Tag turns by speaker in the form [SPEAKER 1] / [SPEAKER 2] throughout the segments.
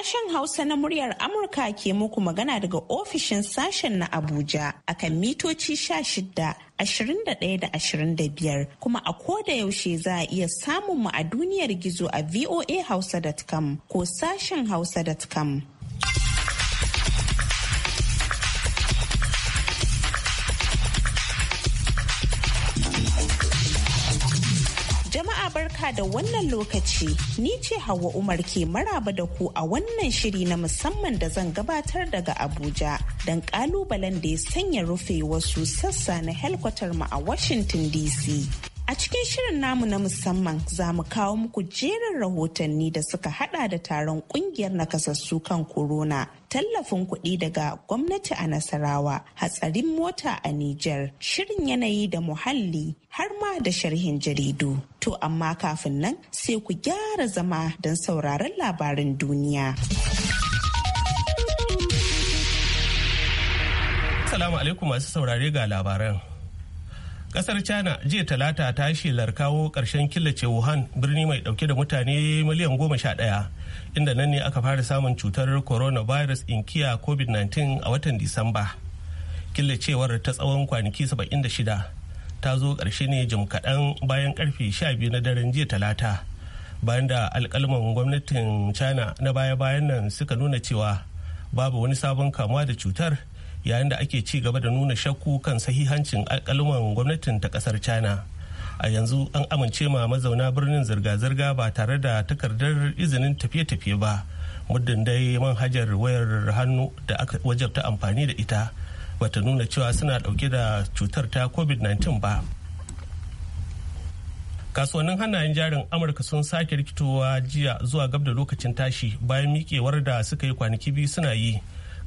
[SPEAKER 1] Sashen Hausa na muryar Amurka ke muku magana daga ofishin sashen na Abuja a kan mitoci 16, 21 da 25 kuma a koda yaushe za a iya samun mu a duniyar gizo a voahausa.com ko sashen hausa.com. barka da wannan lokaci. Ni ce Hauwa Umar ke maraba da ku a wannan shiri na musamman da zan gabatar daga Abuja don kalubalen da ya sanya rufe wasu sassa na helkwatar mu a Washington DC. A cikin shirin namu na musamman za mu kawo muku jerin rahotanni da suka hada da taron kungiyar nakasassu kan corona, tallafin kuɗi daga gwamnati a Nasarawa, hatsarin mota a Nijar, shirin yanayi da muhalli har ma da sharhin jaridu. To amma kafin nan sai ku gyara zama don sauraron labarin duniya.
[SPEAKER 2] Assalamu alaikum masu saurare ga labaran. kasar china jiya talata ta shelar kawo karshen killace wuhan birni mai dauke da mutane miliyan goma sha daya inda nan ne aka fara samun cutar coronavirus kiya covid-19 a watan disamba killacewar ta tsawon kwanaki 76 ta zo ƙarshe ne jim kaɗan bayan karfe 12 na daren jiya talata bayan da alkalman gwamnatin china na baya-bayan nan suka nuna cewa babu wani sabon kamuwa da cutar yayin da ake ci gaba da nuna shakku kan sahihancin alkaluman gwamnatin ta kasar china a yanzu an amince ma mazauna birnin zirga-zirga ba tare da takardar izinin tafiye-tafiye ba muddin dai manhajar wayar hannu da aka wajabta amfani da ita bata nuna cewa suna dauke da cutar ta covid-19 ba kasuwannin hannayen jarin amurka sun sake rikitowa jiya zuwa gab da lokacin tashi bayan miƙewar da suka yi kwanaki biyu suna yi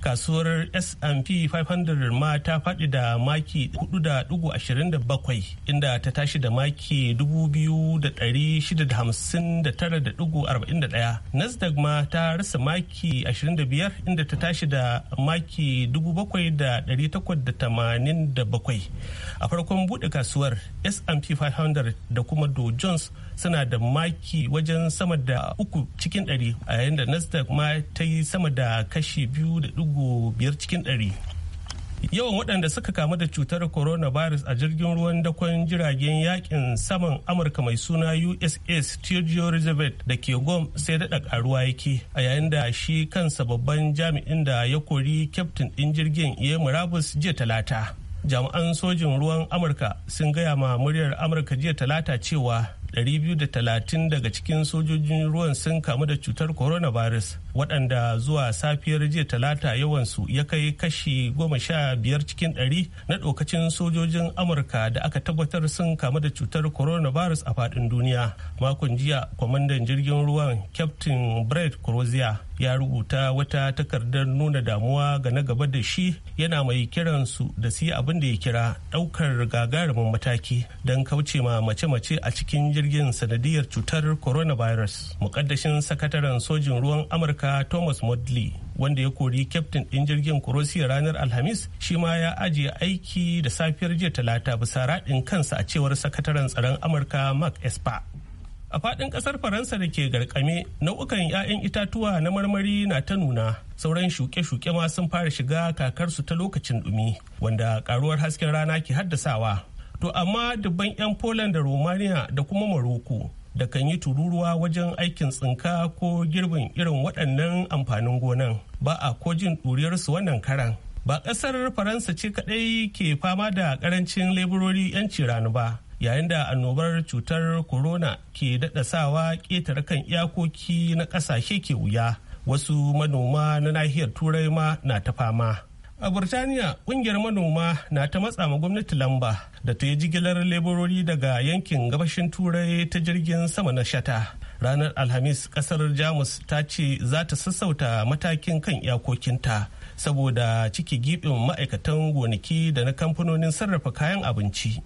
[SPEAKER 2] kasuwar S&P 500 ma ta faɗi da maki 4.27 inda ta tashi da maki 2,659.41. Nasdaq ma ta rasa maki 25 inda ta tashi da maki 7,887. A farkon buɗe kasuwar S&P 500 da kuma Dow Jones suna da maki wajen sama da 3 cikin 100 a yayin da Nasdaq ma ta yi sama da kashi 2 da biyar cikin ɗari. Yawan waɗanda suka kamu da cutar coronavirus a jirgin ruwan dakon jiragen yakin saman Amurka mai suna USS Theodore Roosevelt da ke Gom sai daɗa ƙaruwa yake a yayin da shi kansa babban jami'in da ya kori kyaftin ɗin jirgin ya murabus jiya talata. Jami'an sojin ruwan Amurka sun gaya ma muryar Amurka jiya talata cewa 230 daga cikin sojojin ruwan sun kamu da cutar coronavirus. waɗanda zuwa safiyar jiya talata yawansu ya kai kashi goma sha biyar cikin ɗari na ɗokacin sojojin amurka da aka tabbatar sun kamu da cutar coronavirus a faɗin duniya makon jiya kwamandan jirgin ruwan captain brett crozier ya rubuta wata takardar nuna damuwa ga na gaba da shi yana mai kiransu da su yi abin da ya kira ɗaukar gagarumin mataki don kauce ma mace-mace a cikin jirgin sanadiyar cutar coronavirus mukaddashin sakataren sojin ruwan amurka amurka thomas modley wanda ya kori kyaftin ɗin jirgin kurosiya ranar alhamis shi ma ya ajiye aiki da safiyar jiya talata bisa raɗin kansa a cewar sakataren tsaron amurka mark espa a faɗin ƙasar faransa da ke garkame nau'ukan 'ya'yan itatuwa na marmari na ta nuna sauran shuke-shuke ma sun fara shiga kakarsu ta lokacin ɗumi wanda ƙaruwar hasken rana ke haddasawa to amma dubban 'yan poland da romania da kuma morocco da kan yi tururuwa wajen aikin tsinka ko girbin irin waɗannan amfanin gonan ba a ko jin ɗuriyarsu wannan karan ba ƙasar faransa ce kaɗai ke fama da ƙarancin leburori 'yanci rani ba yayin da annobar cutar corona ke daɗa sawa ƙetare kan iyakoki na ƙasashe ke wuya wasu manoma na nahiyar turai ma na ta fama A Burtaniya, ƙungiyar manoma na ta matsa ma gwamnati lamba da ta yi jigilar leburori daga yankin gabashin Turai ta jirgin sama na shata. Ranar Alhamis, ƙasar Jamus ta ce za ta sassauta matakin kan iyakokinta saboda ciki giɓin ma'aikatan gonaki da na kamfanonin sarrafa kayan abinci.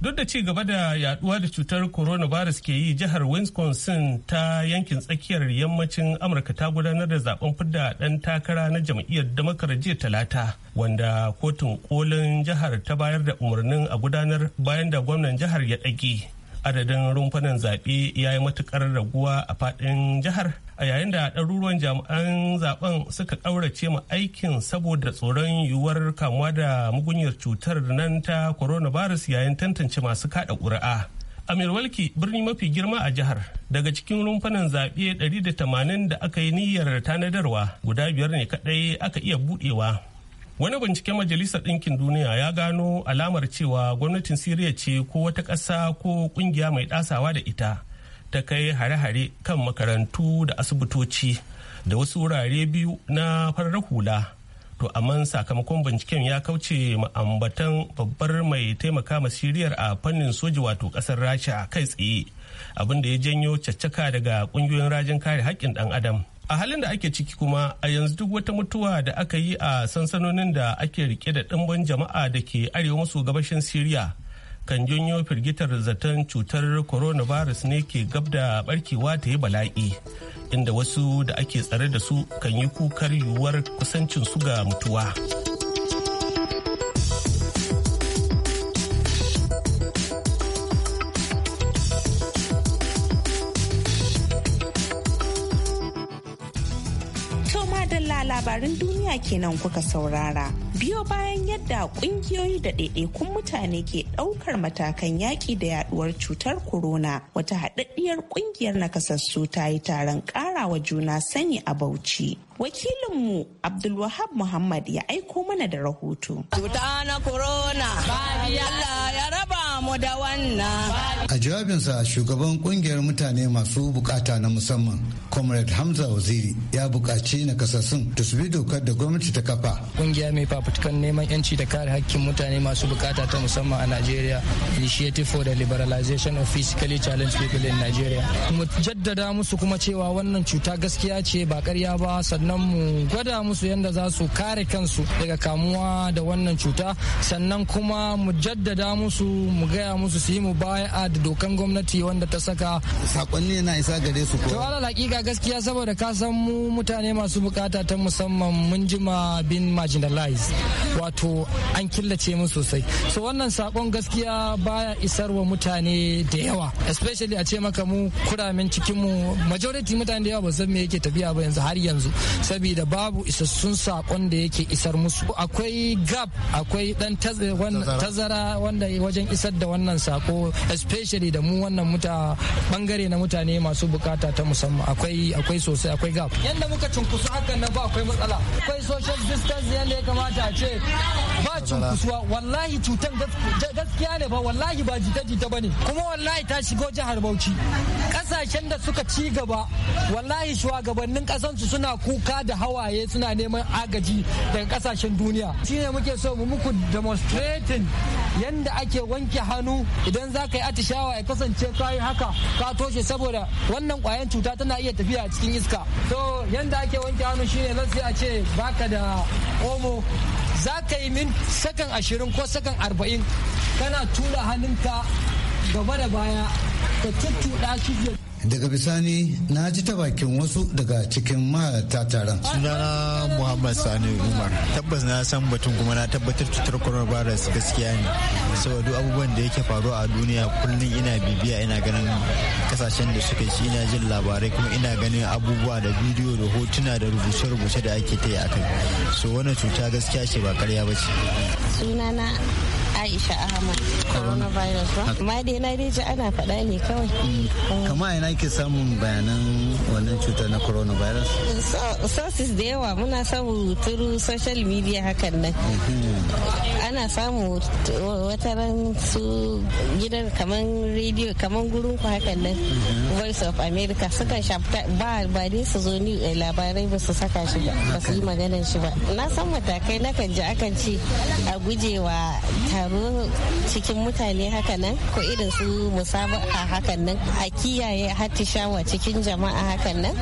[SPEAKER 2] Duk da ci gaba da yaduwa da cutar coronavirus ke yi jihar Wisconsin ta yankin tsakiyar yammacin Amurka ta gudanar da zaben fidda ɗan takara na jam'iyyar damakar jiya talata wanda kotun kolin jihar ta bayar da umarnin a gudanar bayan da gwamnan jihar ya dage. adadin rumfunan zaɓe ya yi matuƙar raguwa a faɗin jihar a yayin da ɗaruruwan jami'an zaben suka ƙaurace ma aikin saboda tsoron yiwuwar kamuwa da mugunyar cutar nan ta coronavirus yayin tantance masu kaɗa ƙuri'a amir walki birni mafi girma a jihar daga cikin rumfunan zaɓe 180 da aka yi niyyar tanadarwa guda biyar ne kaɗai aka iya buɗewa wani binciken majalisar ɗinkin duniya ya gano alamar cewa gwamnatin siriya ce ko wata ƙasa ko ƙungiya mai ɗasawa da ita ta kai hare-hare kan makarantu da asibitoci da wasu wurare biyu na farar hula to amma sakamakon binciken ya kauce ma'ambatan babbar mai taimaka ma siriyar a fannin soji wato ƙasar rasha kai tsaye abinda ya janyo caccaka daga ƙungiyoyin rajin kare haƙƙin ɗan adam a halin da ake ciki kuma a yanzu duk wata mutuwa da aka yi a sansanonin da ake rike da ɗimbin jama'a da ke arewa maso gabashin siriya kan janyo firgitar zaton cutar coronavirus ne ke gab da barkewa ta yi bala'i inda wasu da ake tsare da su kan yi kukar yiwuwar kusancin su ga mutuwa.
[SPEAKER 1] madalla labarin duniya kenan kuka saurara. Biyo bayan yadda kungiyoyi da ɗaiɗaikun mutane ke ɗaukar matakan yaƙi da yaɗuwar cutar corona wata haɗaɗɗiyar ƙungiyar nakasassu ta yi taron ƙarawa juna sani a Bauchi. Wakilinmu Abdulwahab Muhammad ya aiko mana da rahoto. Cuta na corona, da wannan.
[SPEAKER 3] A jawabinsa shugaban kungiyar mutane masu bukata na musamman Comrade Hamza Waziri ya bukaci na kasasun
[SPEAKER 4] da su bi dokar da gwamnati ta kafa. Kungiya mai fafutukan neman yanci da kare hakkin mutane masu bukata ta musamman a nigeria Initiative for the Liberalization of Physically Challenged People in Nigeria. Mu jaddada musu kuma cewa wannan cuta gaskiya ce ba karya ba sannan mu gwada musu yadda za su kare kansu daga kamuwa da wannan cuta sannan kuma mu jaddada musu mu ga gaya musu su yi mu baya da dokan gwamnati wanda ta saka sakonni na isa gare su ko to ala hakika gaskiya saboda ka san mu mutane masu bukata ta musamman mun jima bin marginalized wato an killace mu sosai so wannan sakon gaskiya baya isarwa mutane da yawa especially a ce maka mu kuramin cikin mu majority mutane da yawa ba san me yake tafiya ba yanzu har yanzu saboda babu isassun sakon da yake isar musu akwai gap akwai dan tazara wanda wajen isar da wannan sako especially da mu wannan muta bangare na mutane masu bukata ta musamman akwai akwai sosai akwai gap yanda muka cunkusu hakan nan ba akwai matsala akwai social distance yanda ya kamata a ce ba cin kusuwa wallahi cutan gaskiya ne ba wallahi ba jita-jita ba ne kuma wallahi ta shigo jihar bauchi kasashen da suka ci gaba wallahi shugabannin kasansu suna kuka da hawaye suna neman agaji daga kasashen duniya shine muke so mu muku demonstrating yanda ake wanke hannu idan za ka yi atishawa ya kasance ka yi haka ka toshe saboda wannan kwayan cuta tana iya tafiya a cikin iska so yadda ake wanke hannu shine nan a ce baka da omo za ka yi sakan ashirin ko sakan arba'in kana tura hannunka gaba da baya ka tuttuɗa shi
[SPEAKER 3] daga bisani na ji ta bakin wasu daga cikin mata taron
[SPEAKER 5] sunana muhammad sani umar tabbas na san batun kuma na tabbatar cutar coronavirus gaskiya ne saboda abubuwan da yake faruwa a duniya kullum ina bibiya ina ganin kasashen da suka ci ina jin labarai kuma ina ganin abubuwa da bidiyo da hotuna da rubuce-rubuce da ake ta yi a kai so wannan cuta gaskiya ce ba karya ba ce
[SPEAKER 1] sunana Aisha Ahmad coronavirus ba. Amma dai na dai ji ana faɗa ne kawai.
[SPEAKER 3] Mm. Mm. Kama ina ke samun bayanan wannan cutar na coronavirus?
[SPEAKER 1] Sources da yawa muna samu turu social media hakan nan.
[SPEAKER 6] Mm-hmm.
[SPEAKER 1] Ana samu wataran su gidan kaman radio kaman gurin ku hakan nan mm-hmm. Voice of America sukan shafta ba ba dai su zo ni eh, labarai ba su saka shi ba ba
[SPEAKER 7] su yi maganan shi ba. Na
[SPEAKER 1] san matakai na kan ji akan ce a gujewa taro abu cikin mutane haka nan ko irin su a hakan nan a kiyaye shawa cikin jama'a hakan nan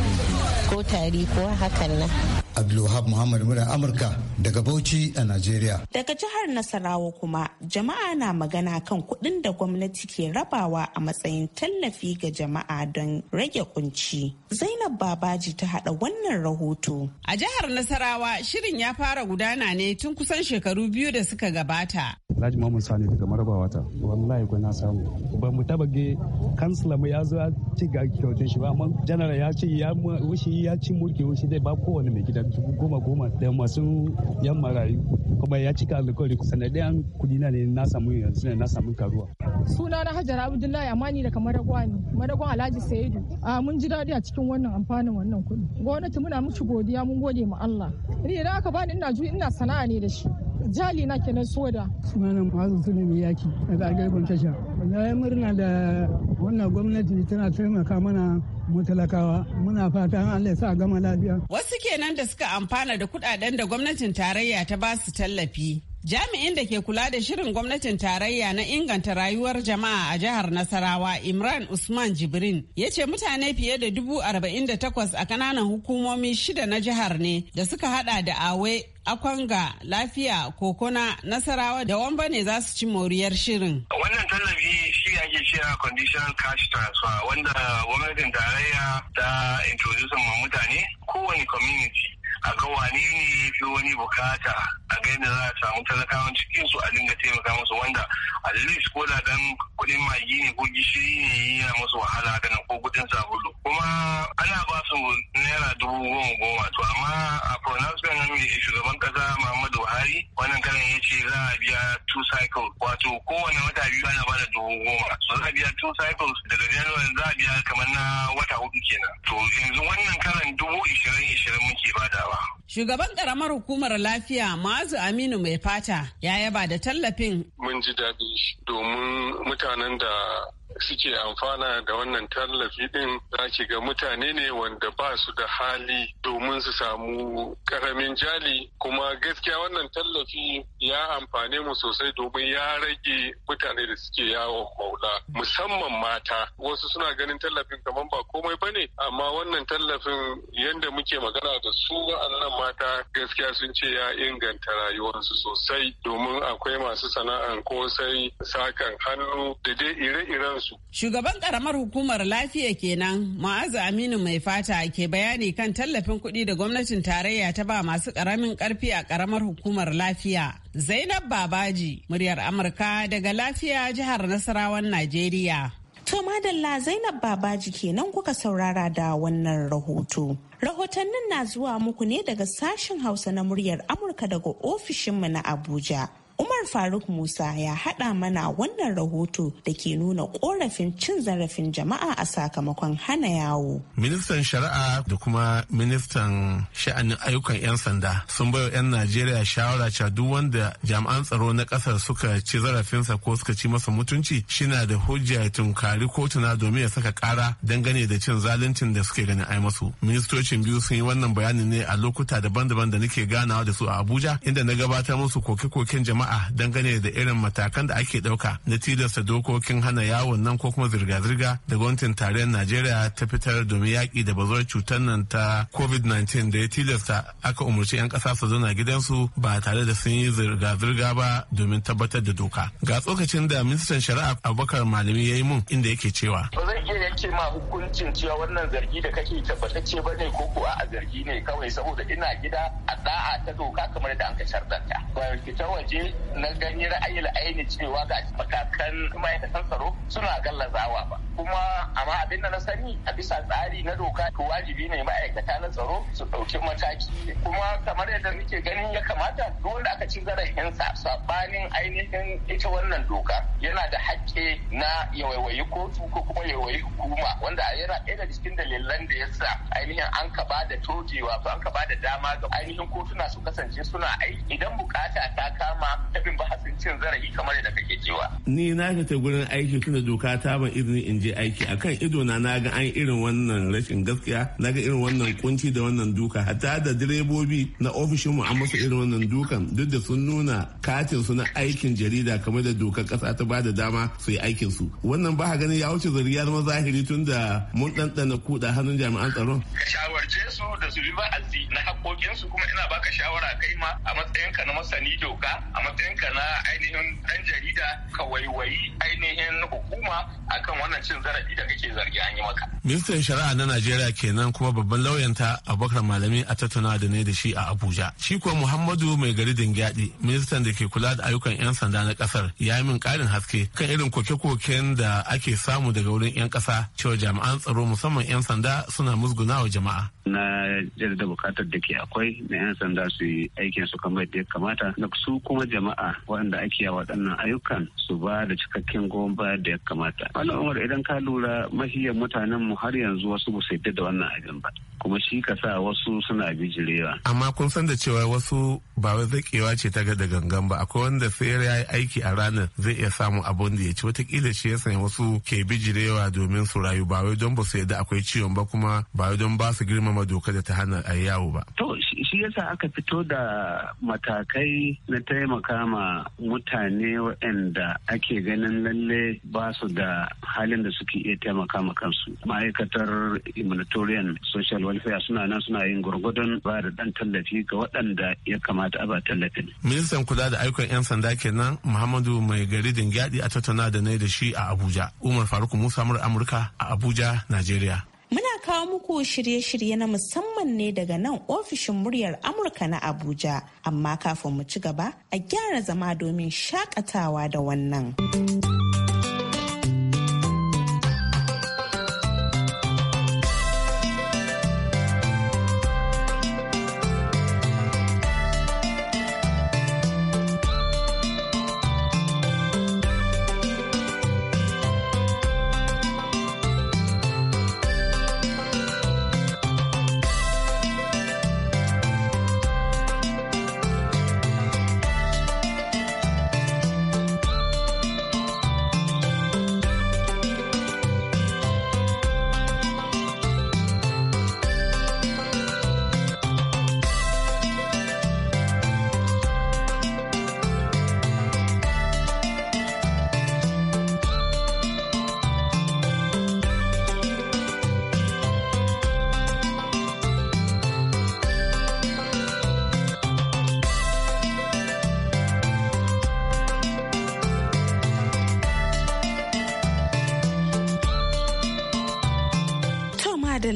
[SPEAKER 1] ko tari ko hakan nan
[SPEAKER 3] Abdulwahab Muhammad Mura Amurka daga Bauchi a Najeriya.
[SPEAKER 1] Daga jihar Nasarawa kuma jama'a na magana kan kuɗin da gwamnati ke rabawa a matsayin tallafi ga jama'a don rage kunci. Zainab Babaji ta haɗa wannan rahoto.
[SPEAKER 7] A jihar Nasarawa shirin ya fara gudana ne tun kusan shekaru biyu da suka gabata.
[SPEAKER 6] Alhaji Muhammad Sani daga Marabawa ta wallahi ko na samu ba mu taba ge kansila mu ya zo ya ci ga kyautin shi ba amma janar ya ce ya wushi ya ci mulki wushi dai ba kowane mai gida da dubu goma goma da masu yan marayu kuma ya cika alkawari sanadiyan kudi na ne na samu yanzu na samu karuwa.
[SPEAKER 5] suna na hajar abdullahi amani daga maragwa ne maragwa alhaji sayidu a mun ji daɗi a cikin wannan amfanin wannan kudi gwamnati muna muku godiya mun gode ma allah ni idan aka bani ina juyi ina sana'a ne da shi jali na kenan soda suna na mahazu suna mai yaki daga agarban tasha na yi murna da wannan gwamnati tana taimaka mana mu talakawa muna fatan Allah sa gama lafiya.
[SPEAKER 7] Wasu kenan da suka amfana da kudaden da gwamnatin tarayya ta ba su tallafi. Jami'in da ke kula da shirin gwamnatin tarayya na inganta rayuwar jama'a a jihar Nasarawa Imran Usman Jibrin ya ce mutane fiye da dubu arba'in da takwas a kananan hukumomi shida na jihar ne da suka hada da awe akwanga lafiya kokona nasarawa da wamba ne za su ci moriyar shirin.
[SPEAKER 5] Wannan tallafi shi ake cewa conditional cash transfer wanda
[SPEAKER 8] gwamnatin tarayya ta introduce ma mutane kowane community a ga wane ne ya fi wani bukata ga yadda za a samu talakawan cikin su a dinga taimaka musu wanda at least ko da dan kuɗin magi ne ko gishiri ne yana musu wahala haka ko kuɗin sabulu kuma ana ba su naira dubu goma goma to amma a pronouncement nan mai shugaban kasa Muhammadu Buhari wannan karan ya ce za a biya two cycles. wato kowane wata biyu ana ba da dubu goma so za a biya two cycles daga January za a biya kamar
[SPEAKER 3] na wata hudu kenan to yanzu wannan karan dubu ishirin ishirin muke badawa.
[SPEAKER 7] Shugaban karamar hukumar lafiya Ma'az Hamzu Aminu mai fata ya yaba da tallafin.
[SPEAKER 6] Mun ji daɗi domin mutanen da suke amfana da wannan tallafi din za ki ga mutane ne wanda ba su da hali domin su samu karamin jali kuma gaskiya wannan tallafi ya amfane mu sosai domin ya rage mutane da suke yawon maula musamman mata wasu suna ganin tallafin kamar ba komai ba ne amma wannan tallafin yadda muke magana da su wa'annan mata gaskiya sun ce ya inganta rayuwarsu sosai domin akwai masu sana'an kosai sakan hannu da dai ire-iren su.
[SPEAKER 7] Shugaban karamar hukumar lafiya kenan Ma'azu Aminu mai fata ke bayani kan tallafin kuɗi da gwamnatin tarayya ta ba masu ƙaramin ƙarfi a karamar hukumar lafiya. Zainab Babaji, muryar Amurka daga lafiya jihar Nasarawan Najeriya. To madalla Zainab Babaji
[SPEAKER 1] kenan kuka saurara da wannan rahoto. Rahotannin na zuwa muku ne daga sashen Hausa na muryar Amurka daga ofishinmu na Abuja. Umar Faruk Musa ya haɗa mana wannan rahoto da ke nuna korafin cin zarafin jama'a a sakamakon hana yawo.
[SPEAKER 8] Ministan Shari'a da kuma Ministan Sha'anin Ayyukan 'Yan Sanda sun bayo 'yan Najeriya shawara cewa duk wanda jami'an tsaro na ƙasar suka ci zarafinsa ko suka ci masa mutunci shina da hujja ya tunkari kotuna domin ya saka ƙara dangane da cin zaluncin da suke ganin ai masu. Ministocin biyu sun yi wannan bayanin ne a lokuta daban-daban da nake ganawa da su a Abuja inda na gabatar musu koke-koken jama'a jama'a dangane da irin matakan da ake ɗauka na tilasta dokokin hana yawon nan ko kuma zirga-zirga da gwamnatin tarayyar Najeriya ta fitar domin yaƙi da bazuwar cutar nan ta COVID-19 da ya tilasta aka umarci 'yan ƙasa su zauna gidansu ba tare da sun yi zirga-zirga ba domin tabbatar da doka. Ga tsokacin da ministan shari'a Abubakar Malami ya yi mun inda yake cewa. Ba zan iya yanke ma hukuncin cewa wannan zargi da kake tabbatacce ba ne ko kuwa a zargi ne kawai saboda ina gida a da'a ta doka kamar da an ka shardanta. Ba fita waje na gani ra'ayin aini cewa ga matakan ma'aikatan tsaro suna gallazawa ba kuma amma abin da na sani a bisa tsari na doka to wajibi ne ma'aikata na tsaro su ɗauki mataki kuma kamar yadda nake ganin ya kamata duk wanda aka ci zarafinsa sabanin ainihin ita wannan doka yana da haƙƙi na yawaiwayi kotu ko kuma yawaiwayi hukuma wanda yana ɗaya daga cikin dalilan da ya sa ainihin an ka ba da tojewa ko an ka ba da dama ga ainihin kotuna su kasance suna aiki idan bukata ta kama tabin sun cin zarafi kamar yadda kake cewa. Ni na fita gurin aiki tunda doka ta ban izini in je aiki akan ido na na ga an irin wannan rashin gaskiya na ga irin wannan kunci da wannan duka hatta da direbobi na ofishin mu an musu irin wannan dukan duk da sun nuna katin su na aikin jarida kamar da dokar kasa ta ba da dama su yi aikin su wannan ba ganin ya wuce zariyar zama zahiri da mun ɗanɗana kuɗa hannun jami'an tsaron. Ka shawarce su da su bi ba'azi na haƙoƙinsu kuma ina baka shawara kai ma a matsayinka na masani doka a matsayinka na ainihin ɗan jarida ka waiwayi ainihin hukuma akan wannan cin zarafi da kake zargi an yi maka. Ministan Shari'a na Najeriya kenan kuma babban lauyanta Abubakar Malami a tattauna da ne da shi a Abuja. Shi kuwa Muhammadu Mai Gari gyaɗi ministan da ke kula da ayyukan 'yan sanda na kasar, ya yi min ƙarin haske kan irin koke-koken da ake samu daga wurin 'yan ƙasa cewa jami'an tsaro musamman 'yan sanda suna musgunawa jama'a.
[SPEAKER 2] na da bukatar da ke akwai na 'yan sanda su yi aikin su kamar da ya kamata na su kuma jama'a waɗanda ake yawa waɗannan ayyukan su ba da cikakken goma da ya kamata wani umar idan ka lura mahiyar mutanen mu har yanzu wasu ba su da wannan abin ba kuma shi ka sa wasu suna bijirewa
[SPEAKER 8] amma kun san da cewa wasu ba wai zakewa ce ta ga da gangan ba akwai wanda sai ya yi aiki a ranar zai iya samu abun da ya ci watakila shi ya sanya wasu ke bijirewa domin su rayu ba wai don ba su yadda akwai ciwon ba kuma ba wai don ba su girma girmama doka da ta hana a yawo ba. To shi yasa
[SPEAKER 2] aka fito da matakai na taimaka ma mutane waɗanda
[SPEAKER 3] ake ganin lalle ba su da halin da suke iya taimaka ma kansu. Ma'aikatar humanitarian social welfare suna nan suna yin gwargwadon ba da ɗan tallafi ga
[SPEAKER 2] waɗanda ya kamata a ba tallafin.
[SPEAKER 8] Ministan kula da ayyukan 'yan sanda kenan Muhammadu Mai Gari Dingyaɗi a tattauna da na da shi a Abuja. Umar Faruk Musa Amurka a Abuja, Najeriya.
[SPEAKER 1] Muna kawo muku shirye-shirye na musamman ne daga nan ofishin muryar Amurka na Abuja, amma kafin mu ci gaba a gyara zama domin shakatawa da wannan.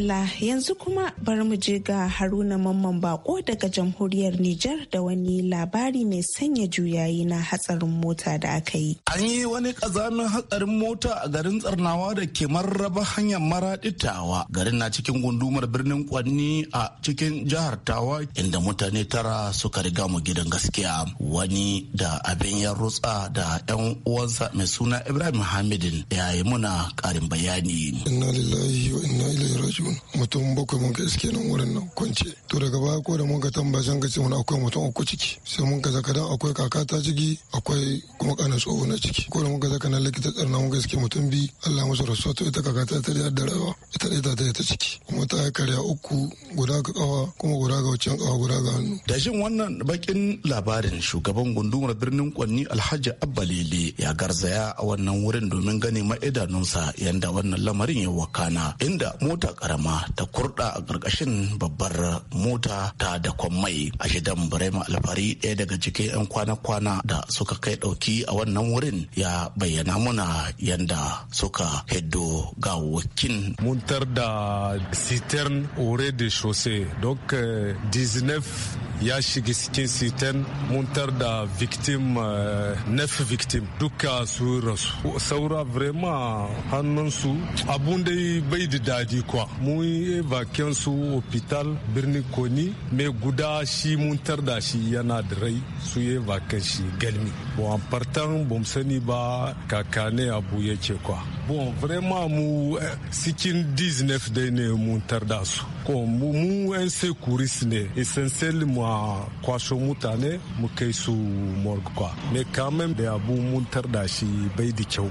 [SPEAKER 1] Allah yanzu kuma bari mu je ga haruna mamman bako daga jamhuriyar Nijar da wani labari mai sanya juyayi na hatsarin mota da aka yi.
[SPEAKER 9] An yi wani kazanin hatsarin mota a garin tsarnawa da ke marraba hanyar maraɗitawa. Garin na cikin gundumar birnin Kwanni a cikin jihar Tawa inda mutane tara suka riga mu gidan gaskiya. Wani da abin ya rutsa da 'yan uwansa mai suna Ibrahim Hamidin ya yi muna karin bayani. Inna lillahi wa inna ilaihi mutum bakwai mun kai suke nan wurin nan kwance to daga baya ko da mun ka tambaya san ka ce wani akwai mutum uku ciki sai mun ka zaka dan akwai kaka ta ciki akwai kuma kana tsoho na ciki ko da mun ka zaka na likita tsarna mun ka suke mutum bi Allah musu rasuwa to ita kaka ta tare da rawa ita ita ta ta ciki kuma ta karya uku guda ga kawa kuma guda ga wucin kawa guda ga hannu da shin wannan bakin labarin shugaban gundumar birnin Kwanni Alhaji Abbalele ya garzaya a wannan wurin domin gane ma'idanunsa yanda wannan lamarin ya wakana inda mota karama dama ta kurda a ƙarƙashin babbar mota ta da mai a shidan Burema Alfari ɗaya daga cikin 'yan kwana-kwana da suka kai ɗauki a wannan wurin ya bayyana muna yanda suka heddo gawakin.
[SPEAKER 6] Muntar da citern ore de Chaussee, donc 19 euh, ya shiga cikin sitan muntar da victim eh, nef victim duka su rasu saura vrema hannunsu abun dai bai da dadi kwa mun yi su hospital birnin koni mai guda shi muntar da shi yana da rai su yi vakan shi galmi bon partan bom sani ba kakane abu yake kwa bon vrema mu cikin eh, 19 dai ne muntar da su ko mu yan sekuris ne essential mu a mutane mu kai su morgue kwa me kamen de abu mun da shi bai da kyau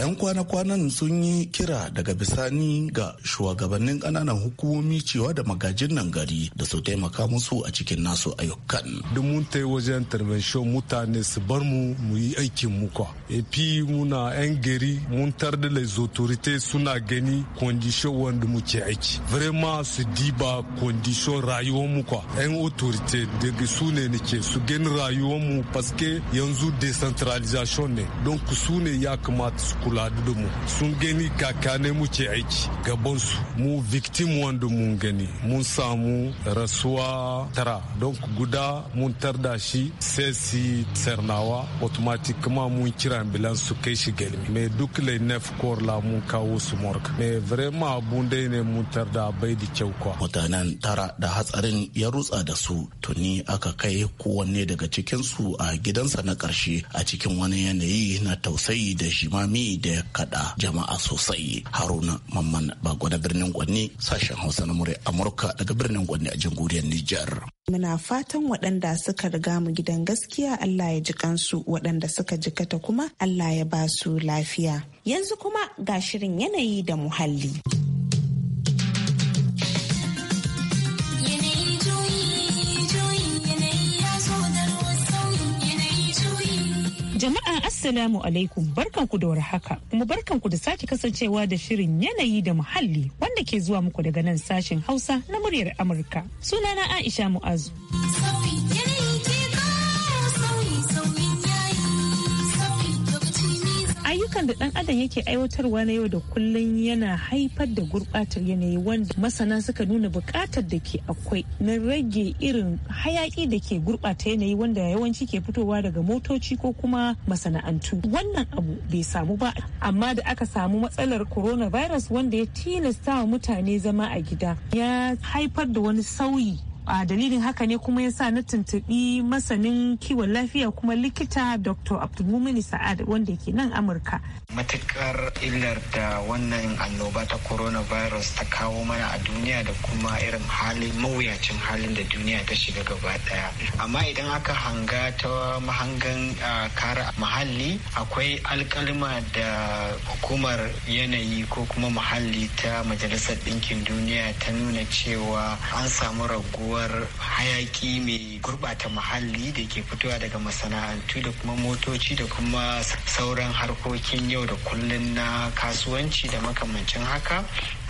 [SPEAKER 6] yan kwana kwana sun yi kira daga bisani ga
[SPEAKER 9] shugabannin ƙananan hukumomi cewa da magajin nan gari da su taimaka musu a cikin nasu
[SPEAKER 6] ayyukan duk mun tai wajen intervention mutane su bar mu mu yi aikin mu kwa epi muna yan gari mun tar da les autorités suna gani condition wanda muke aiki vraiment su diba kondishon rayuwarmu kwa yan autorite daga su ne nake su gani rayuwarmu paske yanzu decentralization ne don ku su ne ya kamata su kula da mu sun gani kakane muke aiki Gabon su mu victim wanda mun gani mun samu rasuwa tara don guda mun da shi sai si tsarnawa automatic ma mun kira ambulance su kai shi galmi mai duk lai nef la mun kawo su morka mai vraiment abun dai ne mun tarda bai da kyau mutanen
[SPEAKER 9] tara da hatsarin ya rutsa da su tuni aka kai kowanne daga cikinsu a gidansa na ƙarshe a cikin wani yanayi na tausayi da shimami da ya kaɗa jama'a sosai haruna mamman bago da birnin gwanni sashen hausa na murai amurka daga birnin gwanni a jamhuriyar nijar
[SPEAKER 1] muna fatan waɗanda suka riga mu gidan gaskiya allah ya jikansu waɗanda suka jikata kuma allah ya basu lafiya yanzu kuma ga shirin yanayi da muhalli.
[SPEAKER 10] Assalamu alaikum barkanku da warhaka kuma barkanku da sake kasancewa da shirin yanayi da muhalli wanda ke zuwa muku daga nan sashen Hausa na muryar Amurka. Sunana Aisha Mu'azu. ayyukan da dan adam yake aiwatarwa na yau da kullum yana haifar da gurbatar yanayi wanda masana suka nuna bukatar da ke akwai na rage irin hayaki da ke gurbata yanayi wanda yawanci ke fitowa daga motoci ko kuma masana'antu wannan abu bai samu ba amma da aka samu matsalar coronavirus wanda ya tilasta wa mutane zama a gida ya haifar da wani sauyi a dalilin haka ne kuma ya sa na tuntuɓi masanin kiwon lafiya kuma likita dr abdulmumini sa'ad wanda ke nan amurka
[SPEAKER 5] matukar illar da wannan annoba ta coronavirus ta kawo mana a duniya da kuma irin halin mawuyacin halin da duniya ta shiga gaba ɗaya amma idan aka hanga ta mahangan kare muhalli akwai alkalma da hukumar yanayi ko kuma muhalli ta majalisar ɗinkin duniya ta nuna cewa an samu raguwa War hayaki mai gurɓata muhalli da ke fitowa daga masana'antu da kuma motoci da kuma sauran harkokin yau da kullum na kasuwanci da makamancin haka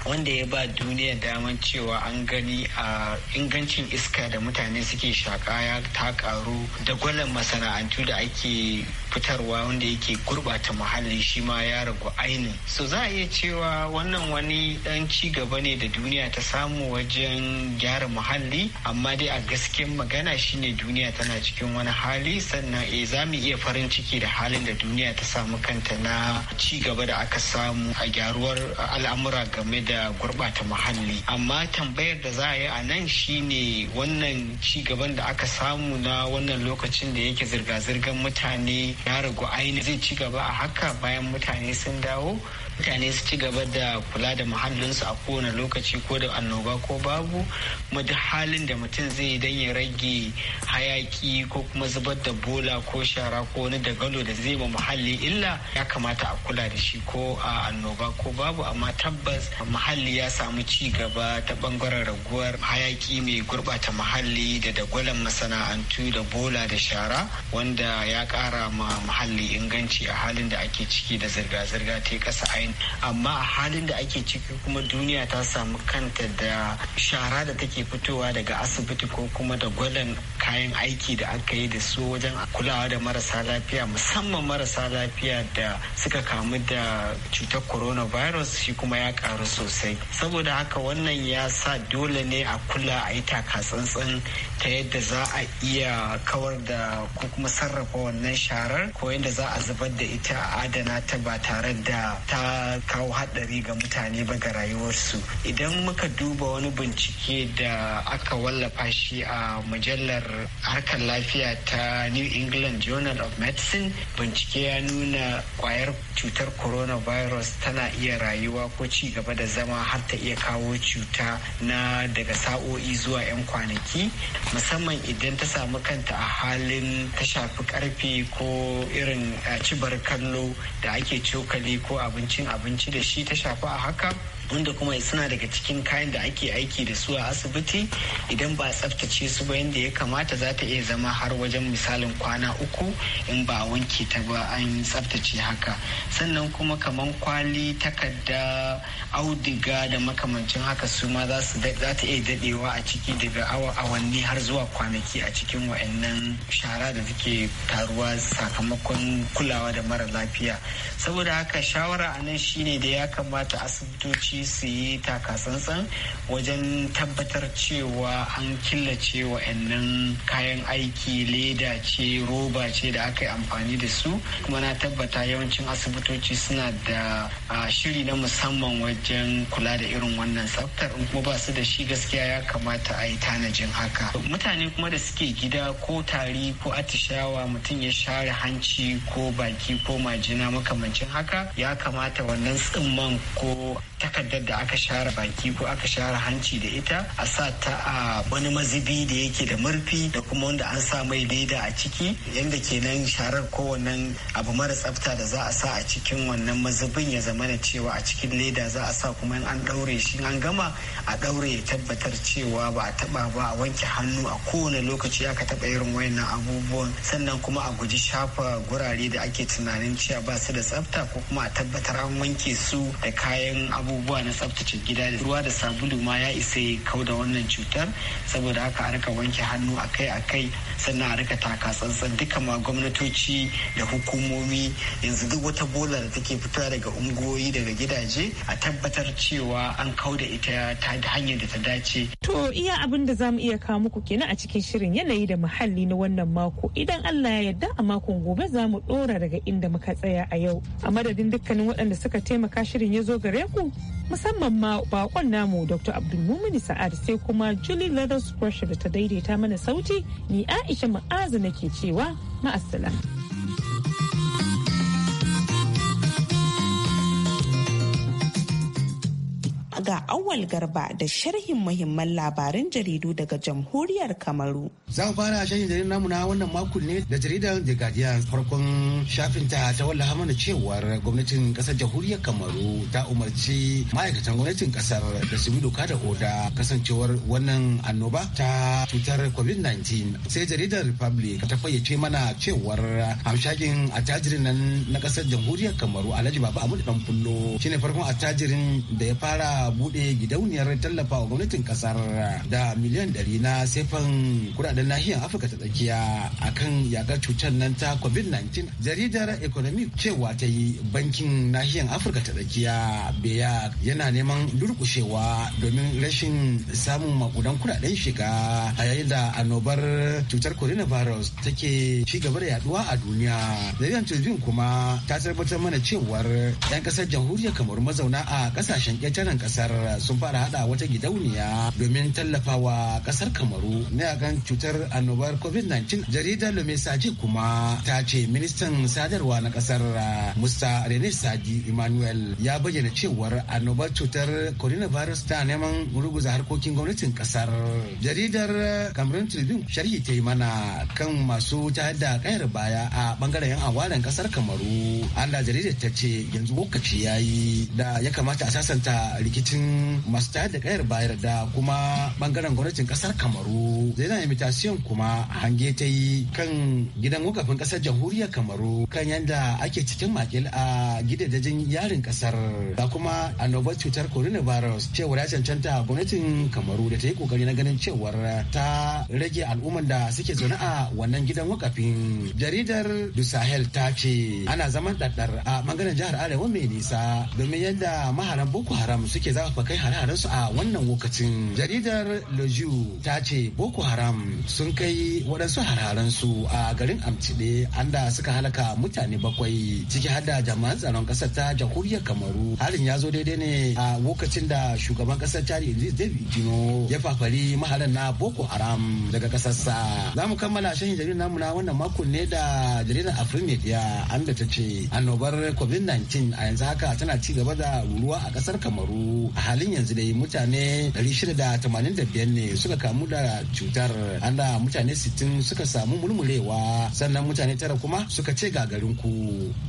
[SPEAKER 5] wanda ya ba duniya daman cewa an gani a ingancin iska da mutane suke shaƙa ya ta karu da gwalan masana'antu da ake fitarwa wanda yake gurbata muhalli shi ma ya ragu ainin so za a iya cewa wannan wani dan ci gaba ne da duniya ta samu wajen gyara muhalli amma dai a gasken magana shine duniya tana cikin wani hali sannan eh za mu iya farin ciki da halin da duniya ta samu kanta na ci gaba da aka samu a gyaruwar al'amura game da da gurɓata muhalli amma tambayar da za a yi a nan shine wannan ci gaban da aka samu na wannan lokacin da yake zirga-zirgar mutane ya ragu aini zai ci gaba a haka bayan mutane sun dawo mutane su ci gaba da kula da muhallinsu a kowane lokaci ko da annoba ko babu kuma halin da mutum zai yi don ya rage hayaki ko kuma zubar da bola ko shara ko wani dagalo da zai ma muhalli illa ya kamata a kula da shi ko a annoba ko babu amma tabbas muhalli ya samu ci gaba ta bangaren raguwar hayaki mai gurbata muhalli da dagwalon masana'antu da bola da shara wanda ya kara ma muhalli inganci a halin da ake ciki da zirga-zirga ta kasa amma a halin da ake ciki kuma duniya ta samu kanta da shara da take fitowa daga asibiti ko kuma da gwalan kayan aiki da aka yi da su wajen kulawa da marasa lafiya musamman marasa lafiya da suka kamu da cutar coronavirus shi kuma ya karu sosai saboda haka wannan ya sa dole ne a kula a yi tsantsan ta yadda za a iya kawar da ko kuma sarrafa wannan sharar ko yadda za a zubar da ita a adana ta ba tare da ta kawo haɗari ga mutane ba ga rayuwarsu idan muka duba wani bincike da aka wallafa shi a mujallar harkar lafiya ta new england journal of medicine bincike ya nuna kwayar cutar coronavirus tana iya rayuwa ko ci gaba da zama har ta iya kawo cuta na daga sa'o'i zuwa 'yan kwanaki musamman idan ta samu kanta a halin ta shafi karfe ko irin eh, cibar kallo da ake cokali ko abincin cin abinci da shi ta shafa a haka wanda kuma suna daga cikin kayan da ake aiki da su a asibiti idan ba tsaftace su ba yadda ya kamata za ta iya zama har wajen misalin kwana uku in ba a wanke ta ba an tsaftace haka sannan kuma kaman kwali takarda audiga da makamancin haka su ma za su ta iya dadewa a ciki daga awanni har zuwa kwanaki a cikin wa'annan shara da take taruwa sakamakon kulawa da mara lafiya saboda haka shawara a nan shine da ya kamata asibitoci shi su yi wajen tabbatar cewa an killace wa'annan kayan aiki leda ce roba ce da aka yi amfani da su kuma na tabbata yawancin asibitoci suna da shiri na musamman wajen kula da irin wannan tsaftar in kuma ba su da shi gaskiya ya kamata a yi tanajin haka mutane kuma da suke gida ko tari ko atishawa mutum ya share hanci ko baki ko majina makamancin haka ya kamata wannan tsimman ko takardar takardar da aka share baki ko aka share hanci da ita a sa ta a wani mazubi da yake da murfi da kuma wanda an sa mai leda a ciki yadda kenan sharar kowane abu mara tsafta da za a sa a cikin wannan mazubin ya zama da cewa a cikin leda za a sa kuma an daure shi an gama a daure ya tabbatar cewa ba a taba ba a wanke hannu a kowane lokaci aka taba irin wayannan abubuwan sannan kuma a guji shafa gurare da ake tunanin cewa ba su da tsafta ko kuma a tabbatar an wanke su da kayan abubuwa abubuwa na tsaftace gida da ruwa da sabulu ma ya isa ya kau da wannan cutar saboda haka a rika wanke hannu akai akai sannan a rika taka tsantsan duka ma gwamnatoci da hukumomi yanzu duk wata bola da take fita daga ungoyi daga gidaje a tabbatar cewa an kau da ita ta hanyar da ta dace.
[SPEAKER 10] To iya abin da za mu iya kawo muku kenan a cikin shirin yanayi da muhalli na wannan mako idan Allah ya yarda a makon gobe za mu dora daga inda muka tsaya a yau. A madadin dukkanin waɗanda suka taimaka shirin ya zo gare ku musamman ma bakon namu dr abdulmumini sa'ad sai kuma julie leathers da ta daidaita mana sauti ni aisha na nake cewa ma'asala. ga awal
[SPEAKER 1] garba da sharhin muhimman labaran jaridu daga jamhuriyar kamaru
[SPEAKER 3] za mu fara sharhin jaridar namu na wannan makon ne da jaridar the guardian farkon shafin ta ta wallafa mana cewar gwamnatin kasar jamhuriyar kamaru ta umarci ma'aikatan gwamnatin kasar da su bi doka da oda kasancewar wannan annoba ta cutar covid-19 sai jaridar republic ta fayyace mana cewar hamshakin attajirin nan na kasar jamhuriyar kamaru alhaji baba amur dan fullo shine farkon attajirin da ya fara Bude gidauniyar tallafa wa gwamnatin kasar da miliyan ɗari na sefan kudaden nahiyar afirka ta tsakiya kan yakar cutar nan ta covid-19 jaridar ekonomi cewa ta yi bankin nahiyar afirka ta tsakiya beya yana neman durƙushewa domin rashin samun makudan kudaden shiga a yayin da annobar cutar coronavirus take ci gaba da yaduwa a duniya jaridar tribune kuma ta tabbatar mana cewar 'yan kasar jamhuriyar kamar mazauna a kasashen ƙetaren ƙasa kasar sun fara hada wata gidauniya domin tallafawa kasar kamaru ne a kan cutar annobar covid-19 jaridar lume saji kuma ta ce ministan sadarwa na kasar Musa rene saji emmanuel ya bayyana cewar annobar cutar coronavirus ta neman ruguza harkokin gwamnatin kasar jaridar cameroon tribune sharhi ta yi mana kan masu tayar da kayar baya a bangaren yan awalen kasar kamaru allah jaridar ta ce yanzu lokaci ya yi da ya kamata a sasanta rikicin gwamnatin masu da kayar bayar da kuma bangaren gwamnatin kasar kamaru zainab imitation kuma hange ta yi kan gidan wakafin kasar jamhuriyar kamaru kan yadda ake cikin makil a gidajen yarin kasar da kuma annobar cutar coronavirus cewar ya cancanta gwamnatin kamaru da ta yi kokari na ganin cewar ta rage al'umman da suke zaune a wannan gidan wakafin jaridar du sahel ta ce ana zaman ɗaɗɗar a bangaren jihar arewa mai nisa domin yadda maharan boko haram suke za zafafa kai hare su a wannan lokacin jaridar leju ta ce boko haram sun kai waɗansu hare su a garin amtide anda suka halaka mutane bakwai ciki har da jama'an tsaron ƙasar ta jamhuriyar kamaru harin ya zo daidai ne a lokacin da shugaban ƙasar chari david gino ya fafari maharan na boko haram daga ƙasarsa za mu kammala shahin jaridar namu na wannan makon ne da jaridar afrin an anda ta ce annobar covid-19 a yanzu haka tana ci gaba da ruruwa a ƙasar kamaru a halin yanzu dai mutane 685 ne suka kamu da cutar an da mutane 60 suka samu mulmulewa sannan mutane tara kuma suka ce gagarin ku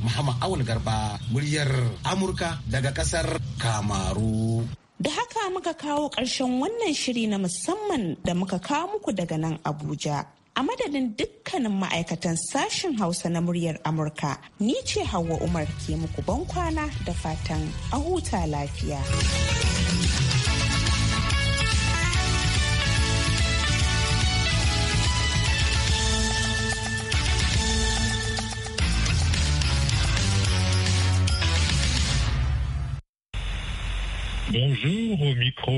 [SPEAKER 3] muhammad awal garba muryar amurka daga kasar kamaru Da haka muka
[SPEAKER 1] kawo ƙarshen wannan shiri na musamman da muka kawo muku daga nan Abuja. a madadin dukkanin ma'aikatan sashen hausa na muryar amurka ni ce hawa umar ke muku ban kwana da fatan a huta lafiya
[SPEAKER 6] Bonjour au micro.